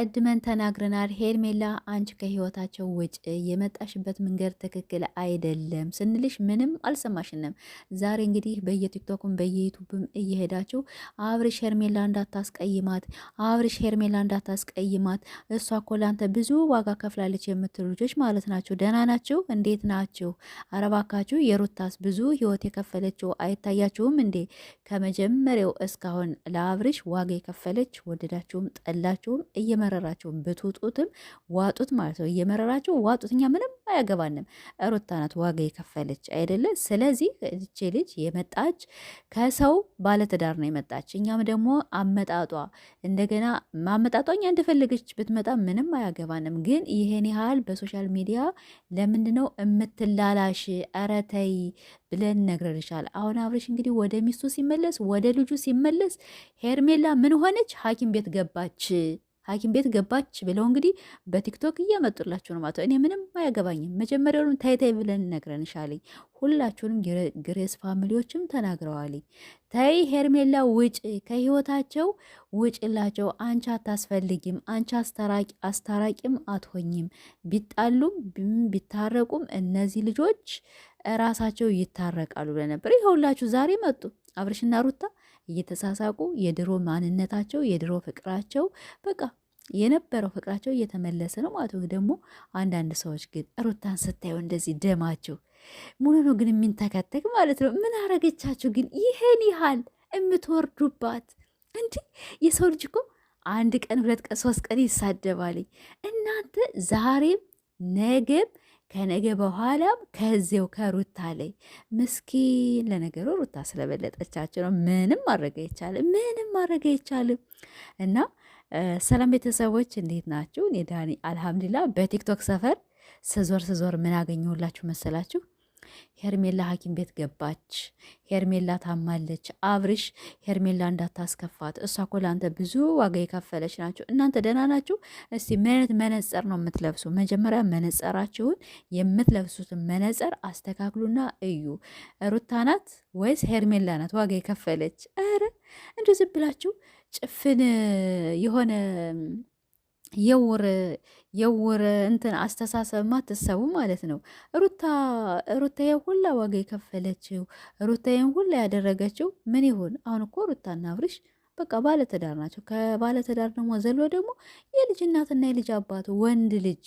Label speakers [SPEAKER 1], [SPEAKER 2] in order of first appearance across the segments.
[SPEAKER 1] አስቀድመን ተናግረናል። ሄርሜላ አንቺ ከህይወታቸው ውጭ የመጣሽበት መንገድ ትክክል አይደለም ስንልሽ ምንም አልሰማሽንም። ዛሬ እንግዲህ በየቲክቶኩም በየዩቱብም እየሄዳችሁ አብርሽ ሄርሜላ እንዳታስቀይማት፣ አብርሽ ሄርሜላ እንዳታስቀይማት፣ እሷ እኮ ላንተ ብዙ ዋጋ ከፍላለች የምትሉ ልጆች ማለት ናቸው። ደህና ናችሁ? እንዴት ናችሁ? አረባካችሁ የሩታስ ብዙ ህይወት የከፈለችው አይታያችሁም እንዴ? ከመጀመሪያው እስካሁን ለአብርሽ ዋጋ የከፈለች ወደዳችሁም ጠላችሁም እየ እየመረራቸውን ብትውጡትም ዋጡት ማለት ነው። እየመረራቸው ዋጡት። እኛ ምንም አያገባንም። ሩታ ናት ዋጋ የከፈለች አይደለ? ስለዚህ እቺ ልጅ የመጣች ከሰው ባለትዳር ነው የመጣች። እኛም ደግሞ አመጣጧ እንደገና ማመጣጧ እኛ እንደፈለገች ብትመጣ ምንም አያገባንም። ግን ይሄን ያህል በሶሻል ሚዲያ ለምንድነው የምትላላሽ? ኧረ ተይ ብለን ነግረንሻል። አሁን አብረሽ እንግዲህ ወደ ሚስቱ ሲመለስ ወደ ልጁ ሲመለስ ሄርሜላ ምን ሆነች? ሐኪም ቤት ገባች። ሐኪም ቤት ገባች ብለው እንግዲህ በቲክቶክ እያመጡላችሁ ነው ማለት ነው። እኔ ምንም አያገባኝም። መጀመሪያውንም ታይታይ ብለን ነግረን ሻለኝ ሁላችሁንም ግሬስ ፋሚሊዎችም ተናግረዋልኝ። ታይ ሄርሜላ ውጭ፣ ከህይወታቸው ውጭላቸው። አንቺ አታስፈልጊም። አንቺ አስታራቂም አትሆኝም። ቢጣሉም ቢታረቁም እነዚህ ልጆች ራሳቸው ይታረቃሉ ብለን ነበር። ይህ ዛሬ መጡ አብርሽና ሩታ እየተሳሳቁ የድሮ ማንነታቸው የድሮ ፍቅራቸው በቃ የነበረው ፍቅራቸው እየተመለሰ ነው ማለት ነው። ደግሞ አንዳንድ ሰዎች ግን ሩታን ስታዩ እንደዚህ ደማቸው ሙሉ ነው ግን የሚንተከተክ ማለት ነው። ምን አረገቻችሁ ግን ይሄን ያህል የምትወርዱባት? እንዲህ የሰው ልጅ እኮ አንድ ቀን ሁለት ቀን ሶስት ቀን ይሳደባልኝ። እናንተ ዛሬም ነገም ከነገ በኋላም ከዚው ከሩታ ላይ ምስኪን። ለነገሩ ሩታ ስለበለጠቻቸው ነው። ምንም ማድረግ አይቻልም። ምንም ማድረግ አይቻልም እና ሰላም ቤተሰቦች እንዴት ናችሁ? እኔ ዳኒ አልሐምዱላ። በቲክቶክ ሰፈር ስዞር ስዞር ምን አገኘሁላችሁ መሰላችሁ? ሄርሜላ ሐኪም ቤት ገባች። ሄርሜላ ታማለች። አብርሽ ሄርሜላ እንዳታስከፋት፣ እሷ እኮ ለአንተ ብዙ ዋጋ የከፈለች ናቸው። እናንተ ደህና ናችሁ? እስቲ ምን አይነት መነጸር ነው የምትለብሱ? መጀመሪያ መነጸራችሁን የምትለብሱትን መነጸር አስተካክሉና እዩ። ሩታ ናት ወይስ ሄርሜላ ናት ዋጋ የከፈለች? ኧረ እንደ ዝም ብላችሁ ጭፍን የሆነ የውር የውር እንትን አስተሳሰብ ማትሰቡ ማለት ነው። ሩታ ሁላ ዋጋ የከፈለችው ሩታ ሁላ ያደረገችው ምን ይሆን? አሁን እኮ ሩታና አብርሽ በቃ ባለትዳር ናቸው። ከባለትዳር ደግሞ ዘሎ ደግሞ የልጅ እናትና የልጅ አባት ወንድ ልጅ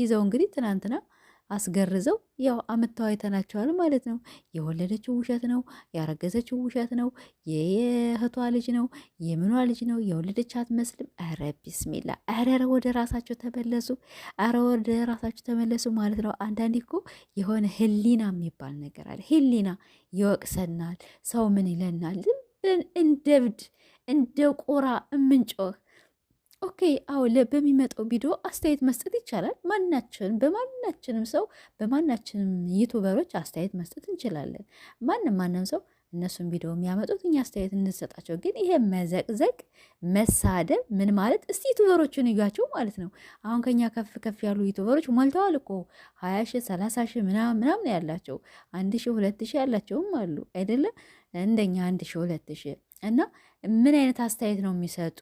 [SPEAKER 1] ይዘው እንግዲህ ትናንትና አስገርዘው ያው አምጥተው አይተናቸዋል ማለት ነው። የወለደችው ውሸት ነው፣ ያረገዘችው ውሸት ነው፣ የእህቷ ልጅ ነው፣ የምኗ ልጅ ነው፣ የወለደች አትመስልም። አረ ቢስሚላ! አረ ወደ ራሳቸው ተመለሱ፣ አረ ወደ ራሳቸው ተመለሱ ማለት ነው። አንዳንዴ እኮ የሆነ ህሊና የሚባል ነገር አለ። ህሊና ይወቅሰናል። ሰው ምን ይለናል ብለን እንደ እብድ እንደ ቁራ እምንጮህ ኦኬ አዎ፣ በሚመጣው ቪዲዮ አስተያየት መስጠት ይቻላል። ማናችን በማናችንም ሰው በማናችንም ዩቱበሮች አስተያየት መስጠት እንችላለን። ማንም ማንም ሰው እነሱን ቪዲዮ የሚያመጡት እኛ አስተያየት እንሰጣቸው። ግን ይሄ መዘቅዘቅ፣ መሳደብ ምን ማለት እስቲ ዩቱበሮችን እያቸው ማለት ነው። አሁን ከኛ ከፍ ከፍ ያሉ ዩቱበሮች ሞልተዋል እኮ ሀያ ሺ ሰላሳ ሺ ምናምን ያላቸው አንድ ሺ ሁለት ሺ ያላቸውም አሉ አይደለም እንደኛ አንድ ሺ ሁለት ሺ እና ምን አይነት አስተያየት ነው የሚሰጡ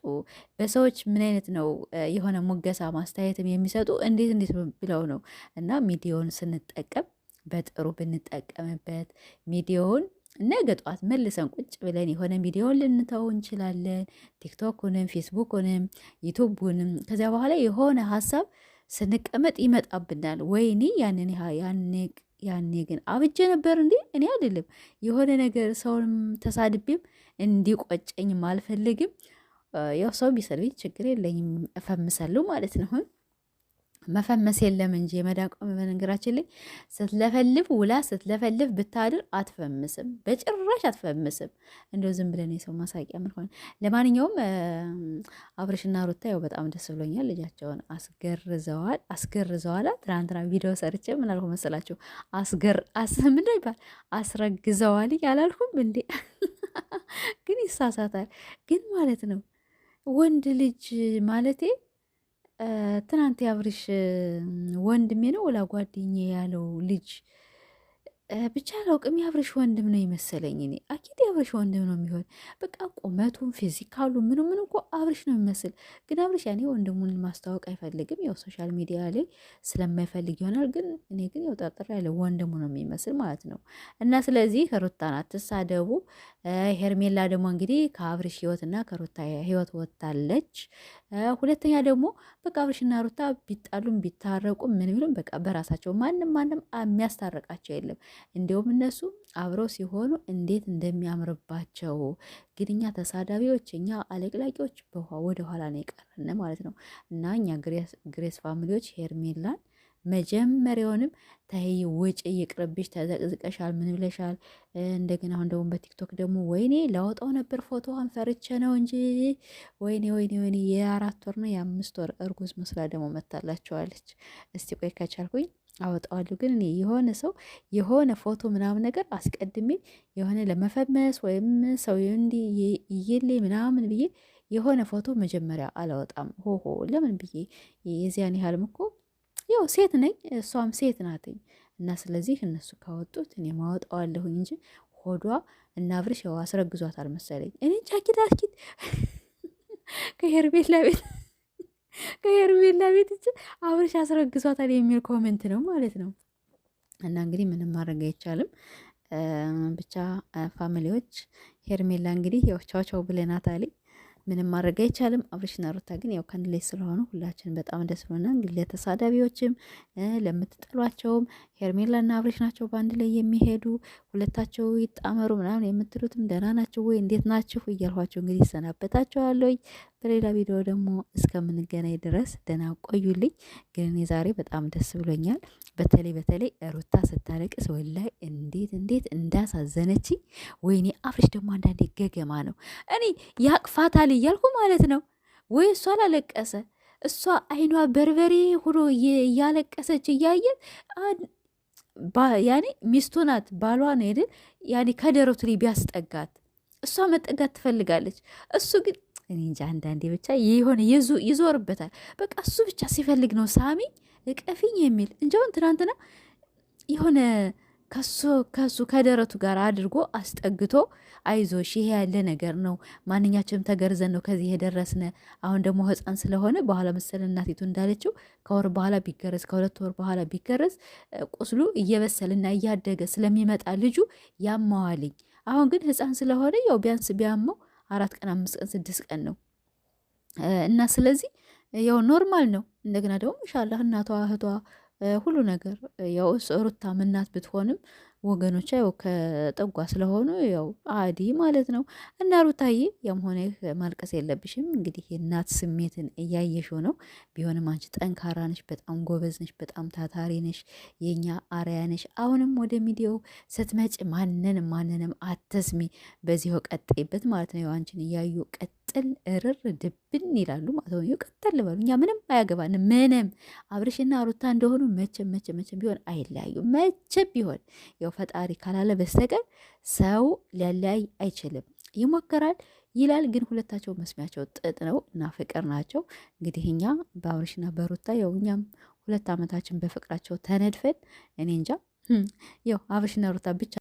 [SPEAKER 1] በሰዎች ምን አይነት ነው የሆነ ሙገሳ ማስተያየትም የሚሰጡ እንዴት እንዴት ብለው ነው እና ሚዲያውን ስንጠቀም በጥሩ ብንጠቀምበት ሚዲያውን ነገ ጠዋት መልሰን ቁጭ ብለን የሆነ ሚዲያውን ልንተው እንችላለን። ቲክቶክንም፣ ፌስቡክንም፣ ዩቱቡንም ከዚያ በኋላ የሆነ ሀሳብ ስንቀመጥ ይመጣብናል። ወይኔ ያንን ያንን ያኔ ግን አብጀ ነበር እንዴ? እኔ አይደለም የሆነ ነገር ሰውንም ተሳድቤም እንዲቆጨኝም አልፈልግም። ያው ሰው ቢሰልብኝ ችግር የለኝም፣ እፈምሳለሁ ማለት ነው። መፈመስ የለም እንጂ የመዳን ቆመ። በነገራችን ላይ ስትለፈልፍ ውላ ስትለፈልፍ ብታድር አትፈምስም፣ በጭራሽ አትፈምስም። እንደው ዝም ብለን የሰው ማሳቂያ ምን ሆነ። ለማንኛውም አብርሽና ሩታ ያው በጣም ደስ ብሎኛል። ልጃቸውን አስገርዘዋል፣ አስገርዘዋላ። ትናንትና ቪዲዮ ሰርቼ ምን አልኩ መሰላችሁ? አስገር ምንድን ነው ይባል አስረግዘዋል ያላልኩም እንዴ? ግን ይሳሳታል። ግን ማለት ነው ወንድ ልጅ ማለቴ ትናንት የአብርሽ ወንድሜ ነው ወላ ጓደኛ ያለው ልጅ ብቻ አላውቅም። የአብርሽ ወንድም ነው የመሰለኝ እኔ አኪድ የአብርሽ ወንድም ነው የሚሆን። በቃ ቁመቱም ፊዚካሉ ምኑ ምኑ እኮ አብርሽ ነው የሚመስል። ግን አብርሽ ያኔ ወንድሙን ማስታወቅ አይፈልግም፣ ያው ሶሻል ሚዲያ ላይ ስለማይፈልግ ይሆናል። ግን እኔ ግን ያው ጠርጥር ያለ ወንድሙ ነው የሚመስል ማለት ነው። እና ስለዚህ ሩታን አትሳደቡ። ሄርሜላ ደግሞ እንግዲህ ከአብርሽ ህይወትና ከሩታ ህይወት ወጥታለች። ሁለተኛ ደግሞ በቃ አብርሽና ሩታ ቢጣሉም ቢታረቁም ምን ቢሉም በቃ በራሳቸው ማንም ማንም የሚያስታርቃቸው የለም። እንዲሁም እነሱ አብረው ሲሆኑ እንዴት እንደሚያምርባቸው ግን እኛ ተሳዳቢዎች፣ እኛ አለቅላቂዎች ወደኋላ ነው የቀረን ማለት ነው እና እኛ ግሬስ ፋሚሊዎች ሄርሜላን መጀመሪያውንም ታይ ወጪ እየቅረብሽ ተዘቅዝቀሻል፣ ምን ብለሻል? እንደገና አሁን ደግሞ በቲክቶክ ደግሞ ወይኔ ላወጣው ነበር ፎቶዋን ፈርቼ ነው እንጂ ወይኔ ወይኔ ወይኔ የአራት ወር ነው የአምስት ወር እርጉዝ መስላ ደግሞ መታላቸዋለች። እስቲ ቆይ ከቻልኩኝ አወጣዋለሁ ግን እኔ የሆነ ሰው የሆነ ፎቶ ምናምን ነገር አስቀድሜ የሆነ ለመፈመስ ወይም ሰው እንዲ እየሌ ምናምን ብዬ የሆነ ፎቶ መጀመሪያ አላወጣም። ሆሆ ለምን ብዬ የዚያን ያህልም እኮ ያው ሴት ነኝ እሷም ሴት ናትኝ እና ስለዚህ እነሱ ካወጡት እኔ ማወጣዋለሁኝ እንጂ ሆዷ እና ብርሽ ያው አስረግዟት አልመሰለኝ እኔ ጃኬት አስኪት ከሄርቤላ ቤት ከሄርቤላ ቤት እች አብርሽ አስረግዟታል የሚል ኮመንት ነው ማለት ነው። እና እንግዲህ ምንም ማድረግ አይቻልም። ብቻ ፋሚሊዎች ሄርሜላ እንግዲህ ያው ቻው ቻው ብለናታለች። ምንም ማድረግ አይቻልም። አብርሽና ሩታ ግን ያው ከአንድ ላይ ስለሆኑ ሁላችን በጣም ደስ እንግዲህ ለተሳዳቢዎችም ለምትጠሏቸውም ሄርሜላና አብርሽ ናቸው በአንድ ላይ የሚሄዱ ሁለታቸው ይጣመሩ ምናምን የምትሉትም ደህና ናቸው ወይ እንዴት ናችሁ እያልኋቸው እንግዲህ ይሰናበታችኋለሁ። በሌላ ቪዲዮ ደግሞ እስከምንገናኝ ድረስ ደህና ቆዩልኝ። ግን እኔ ዛሬ በጣም ደስ ብሎኛል። በተለይ በተለይ ሩታ ስታለቅስ ወላይ እንዴት እንዴት እንዳሳዘነች ወይኔ አብርሽ ደግሞ አንዳንዴ ገገማ ነው። እኔ ያቅፋታል እያልኩ ማለት ነው ወይ እሷ አላለቀሰ እሷ አይኗ በርበሬ ሆኖ እያለቀሰች እያየን ያኔ ሚስቱ ናት ባሏ ነው ሄድን ያኔ ከደረቱ ላይ ቢያስጠጋት እሷ መጠጋት ትፈልጋለች። እሱ ግን እኔ እንጃ አንዳንዴ ብቻ የሆነ ይዞርበታል። በቃ እሱ ብቻ ሲፈልግ ነው ሳሚ እቀፊኝ የሚል እንጃውን ትናንትና የሆነ ከሱ ከሱ ከደረቱ ጋር አድርጎ አስጠግቶ አይዞሽ፣ ይሄ ያለ ነገር ነው። ማንኛችንም ተገርዘን ነው ከዚህ የደረስነ። አሁን ደግሞ ሕፃን ስለሆነ በኋላ መሰለ እናቲቱ እንዳለችው ከወር በኋላ ቢገረዝ ከሁለት ወር በኋላ ቢገረዝ ቁስሉ እየበሰልና እያደገ ስለሚመጣ ልጁ ያማዋልኝ። አሁን ግን ሕፃን ስለሆነ ያው ቢያንስ ቢያመው አራት ቀን አምስት ቀን ስድስት ቀን ነው እና ስለዚህ ያው ኖርማል ነው። እንደገና ደግሞ ኢንሻላህ እናቷ እህቷ ሁሉ ነገር ያው ሩታም እናት ብትሆንም ወገኖች ያው ከጠጓ ስለሆኑ ያው አዲ ማለት ነው። እና ሩታዬ ያም ሆነ ማልቀስ የለብሽም እንግዲህ የእናት ስሜትን እያየሽው ነው። ቢሆንም አንቺ ጠንካራ ነሽ፣ በጣም ጎበዝ ነሽ፣ በጣም ታታሪ ነሽ፣ የእኛ አርያ ነሽ። አሁንም ወደ ሚዲያው ስትመጭ ማንንም ማንንም አተስሚ፣ በዚህው ቀጥይበት ማለት ነው። አንቺን እያዩ ቀጥል እርር ድብን ይላሉ ማለት ነው። ቀጥል በሉ እኛ ምንም አያገባን ምንም አብርሽና ሩታ እንደሆኑ መቼም መቼም መቼም ቢሆን አይለያዩ መቼም ቢሆን ፈጣሪ ካላለ በስተቀር ሰው ሊያለያይ አይችልም። ይሞከራል ይላል ግን ሁለታቸው መስሚያቸው ጥጥ ነው እና ፍቅር ናቸው። እንግዲህ እኛ በአብርሽና በሩታ ያው እኛም ሁለት ዓመታችን በፍቅራቸው ተነድፈን እኔ እንጃ ያው አብርሽና ሩታ ብቻ